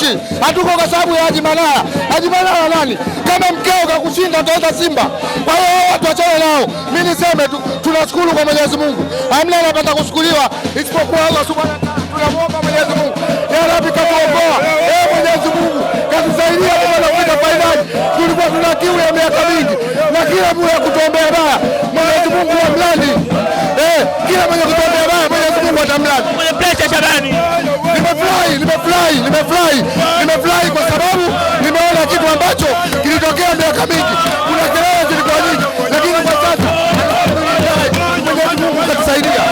nchi, hatuko kwa sababu ya Haji Manara. Haji Manara nani? Kama mkeo kakushinda utaenda Simba. Kwa hiyo watu wachane nao. Mimi niseme tu, tunashukuru kwa Mwenyezi Mungu, hamna anapata kushukuriwa isipokuwa Allah subhanahu wa ta'ala. Tunamwomba Mwenyezi Mungu, ya Rabbi katuokoa, Ee Mwenyezi Mungu katusaidia tunafika fainali. Tulikuwa tuna kiu ya miaka mingi na kila mmoja kutuombea baya, Mwenyezi Mungu amlani eh, kila mmoja kutuombea baya, Mwenyezi Mungu atamlani. Shabani. Nimefurahi nimefurahi, nimefurahi, nimefurahi kwa sababu nimeona kitu ambacho kilitokea miaka mingi. Kuna kelele zilikuwa nyingi, lakini kwa sasa Mwenyezi Mungu katusaidia.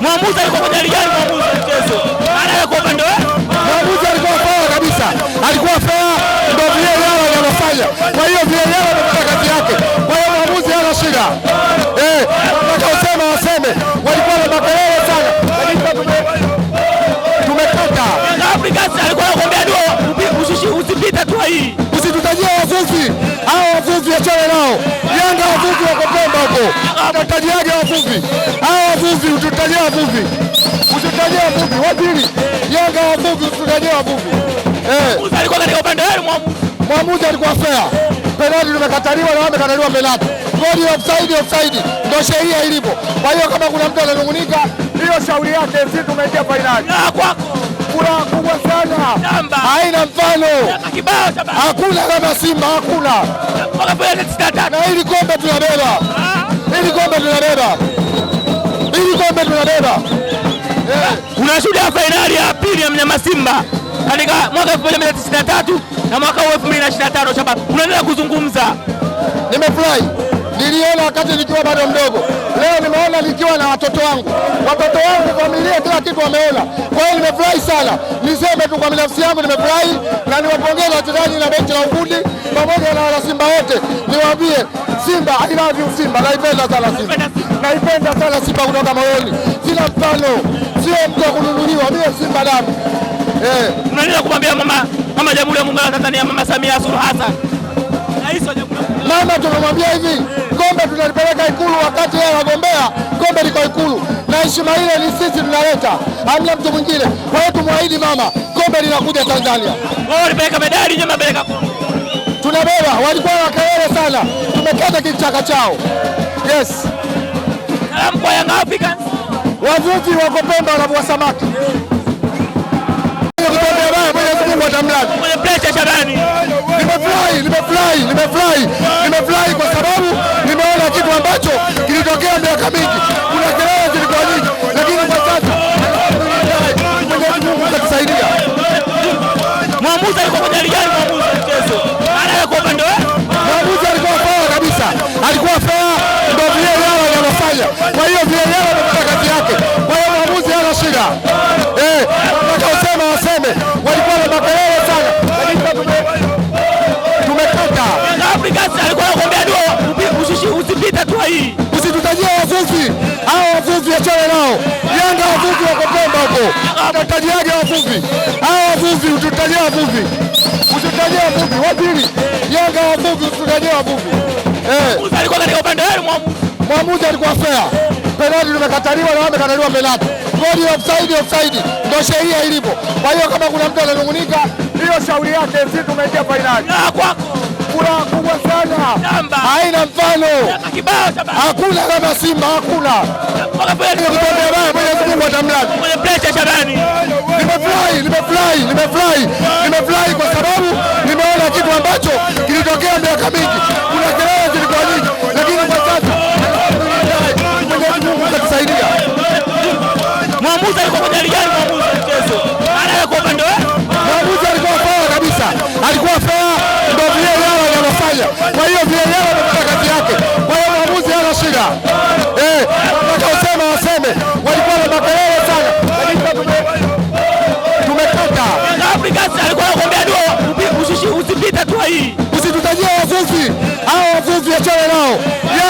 Mwamuzi alikuwa kwa yao. Yanga wavuvi wako Pemba hapo, utatajaje wavuvi hawa? Wavuvi ututajia wavuvi, ututajia wavuvi wajili Yanga wavuvi, ututajia wavuvi. Eh. Alikuwa katika upande wenu mwamuzi, alikuwa fair. Penalti tumekataliwa na wamekataliwa penalti, goli offside. Offside ndio sheria ilipo. Kwa hiyo kama kuna mtu ananungunika, hiyo shauri yake, sisi tumeingia fainali ah, kwako furaha kubwa sana, haina mfano, hakuna kama Simba, hakuna na hili kombe tunabeba, hili kombe tunabeba, hili kombe tunabeba. Eh. Unashuhudia fainali ya pili ya mnyama Simba katika mwaka 1993 na mwaka 2025. Shaba, unaendelea kuzungumza, nimefurahi niliona wakati nikiwa bado mdogo, leo nimeona nikiwa na watoto wangu, watoto wangu, familia, kila kitu wameona. Kwa hiyo nimefurahi sana, niseme tu kwa binafsi yangu nimefurahi, na niwapongeza wachezaji na benchi la ufundi pamoja na wanasimba wote. Niwaambie Simba, I love you Simba, naipenda sana Simba, naipenda sana Simba kutoka moyoni, sina mfano, sio mtu wa kununuliwa, mie Simba damu. Eh. Unanini kumwambia mama, mama Jamhuri ya Muungano wa Tanzania, Mama Samia Suluhu Hassan, rais wa Jamhuri mama tumemwambia hivi, kombe tunalipeleka Ikulu, wakati yeye anagombea kombe liko Ikulu na heshima ile ni sisi tunaleta, hamna mtu mwingine. Kwa hiyo tumwahidi mama, kombe linakuja Tanzania. Wao walipeleka medali, nyama peleka tunabeba, walikuwa wakaele sana, tumekata kichaka chao. Yes, salamu kwa Young Africans, wavuvi wako Pemba wanavua samaki. Mwenyezi Mungu atamlaki nimefurahi, nimefurahi, nimefurahi, nimefurahi kwa sababu nimeona kitu ambacho kilitokea miaka mingi. Kuna kelele wavuvi wako Pemba hapo, utatajiaje wavuvi hawa? Wavuvi ututajia wavuvi, ututajia wavuvi wabili, Yanga wavuvi, ututajia wavuvi. Eh. Alikuwa katika upande wenu, mwamuzi alikuwa fair, penalti tumekataliwa na wamekataliwa penalti, goli offside, offside ndio sheria ilipo. Kwa hiyo kama kuna mtu ananungunika, hiyo shauri yake, sisi tumeingia fainali kubwa sana haina mfano, hakuna kama Simba, hakuna Mwenyezi Nimefurahi, nimefurahi, nimefurahi.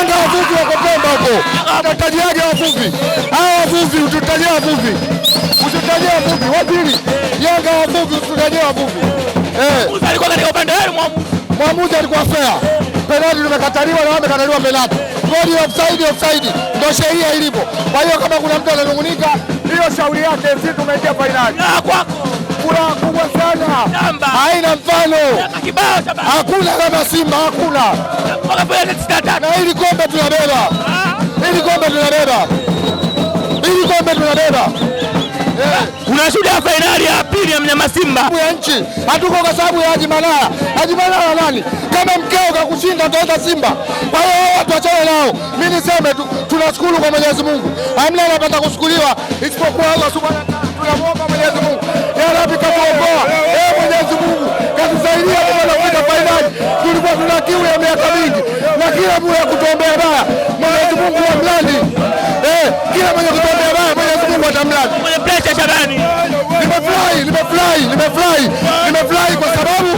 Nenda wavuvi wako Pemba hapo. Utatajaje wavuvi? Hao wavuvi ututajia wavuvi. Ututajia wavuvi. Wabili. Yanga wavuvi ututajia wavuvi. Eh. Mwamuzi alikuwa katika upande wenu mwamuzi. Mwamuzi alikuwa fair. Penalti tumekataliwa na wamekataliwa penalti. Goli offside offside. Ndio sheria ilipo. Kwa hiyo kama kuna mtu ananungunika, hiyo shauri yake, sisi tumeingia finali. kwako furaha kubwa sana, haina mfano, hakuna kama Simba, hakuna na hili kombe tunabeba, hili kombe tunabeba, hili kombe tunabeba. Eh. Unashuhudia fainali ya pili ya mnyama Simba ya nchi, hatuko kwa sababu ya Haji Manara. Haji Manara nani? Kama mkeo kakushinda utaenda Simba. Kwa hiyo wao watu wachane nao, mi niseme tu, tunashukuru kwa Mwenyezi Mungu, hamna anapata kushukuriwa isipokuwa Allah subhanahu wa ta'ala, tunamwomba Mwenyezi Mungu ya Rabbi katuokoa, ee Mwenyezi Mungu katusaidia kufika fainali. Tulikuwa tuna kiu ya miaka mingi na kila mtu ya kutuombea baya, Mwenyezi Mungu wamlani eh, kila mwenye kutuombea baya Mwenyezi Mungu atamlani. Nimefurahi, nimefurahi, nimefurahi, nimefurahi kwa sababu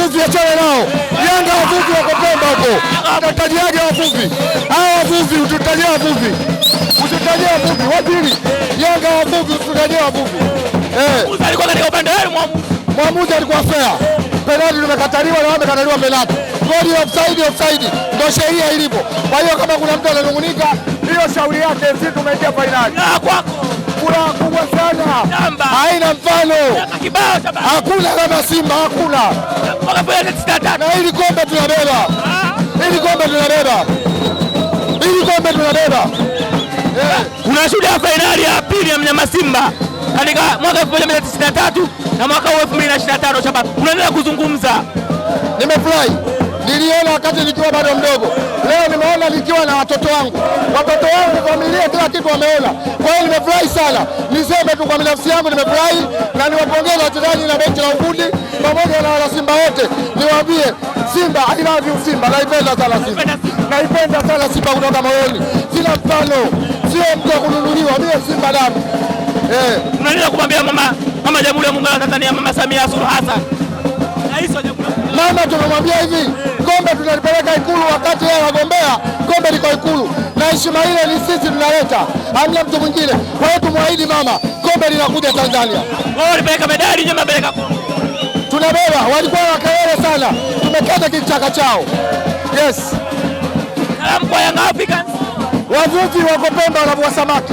wavuvi wachane nao. Yanga wavuvi wako Pemba huko, atatajaje wavuvi hawa? Wavuvi ututajia wavuvi, ututajia wavuvi wapili. Yanga wavuvi ututajia wavuvi. Eh. Alikuwa katika upande wenu mwamuzi, alikuwa fair. Penalti tumekataliwa na wamekataliwa penalti, goli offside. Offside ndio sheria ilipo. Kwa hiyo kama kuna mtu ananungunika, hiyo shauri yake, sisi tumeingia fainali ah, kwako furaha kubwa sana, haina mfano, hakuna kama Simba, hakuna na ah. hili kombe tunabeba, hili kombe tunabeba, hili eh. kombe tunabeba. Unashuhudia fainali ya pili ya mnyama Simba katika mwaka 1993 na mwaka 2025. Shabab, unaendelea kuzungumza, nimefurahi niliona wakati nikiwa bado mdogo, leo nimeona nikiwa na watoto wangu, watoto wangu, familia, kila kitu wameona. Kwa hiyo nimefurahi sana, niseme tu kwa binafsi yangu nimefurahi, na niwapongeza wachezaji na benchi la ufundi pamoja na wanasimba wote, niwaambie Simba I love you Simba, naipenda sana Simba, naipenda sana Simba kutoka moyoni, sina mfano, sio mtu wa kununuliwa, mie Simba damu. Eh, unaweza kumwambia mama mama Jamhuri ya Muungano wa Tanzania, Mama Samia Suluhu Hassan, rais wa Jamhuri, mama tumemwambia hivi eh kombe tunalipeleka Ikulu wakati yeye anagombea, kombe liko Ikulu na heshima ile ni sisi tunaleta, hamna mtu mwingine. Kwa hiyo tumwahidi mama, kombe linakuja Tanzania. Wao walipeleka medali, nyama peleka kombe, tunabeba. Walikuwa wakelele sana, tumekata kichaka chao. Yes, salamu kwa Yanga Africans. Wavuvi wako Pemba wanavua samaki.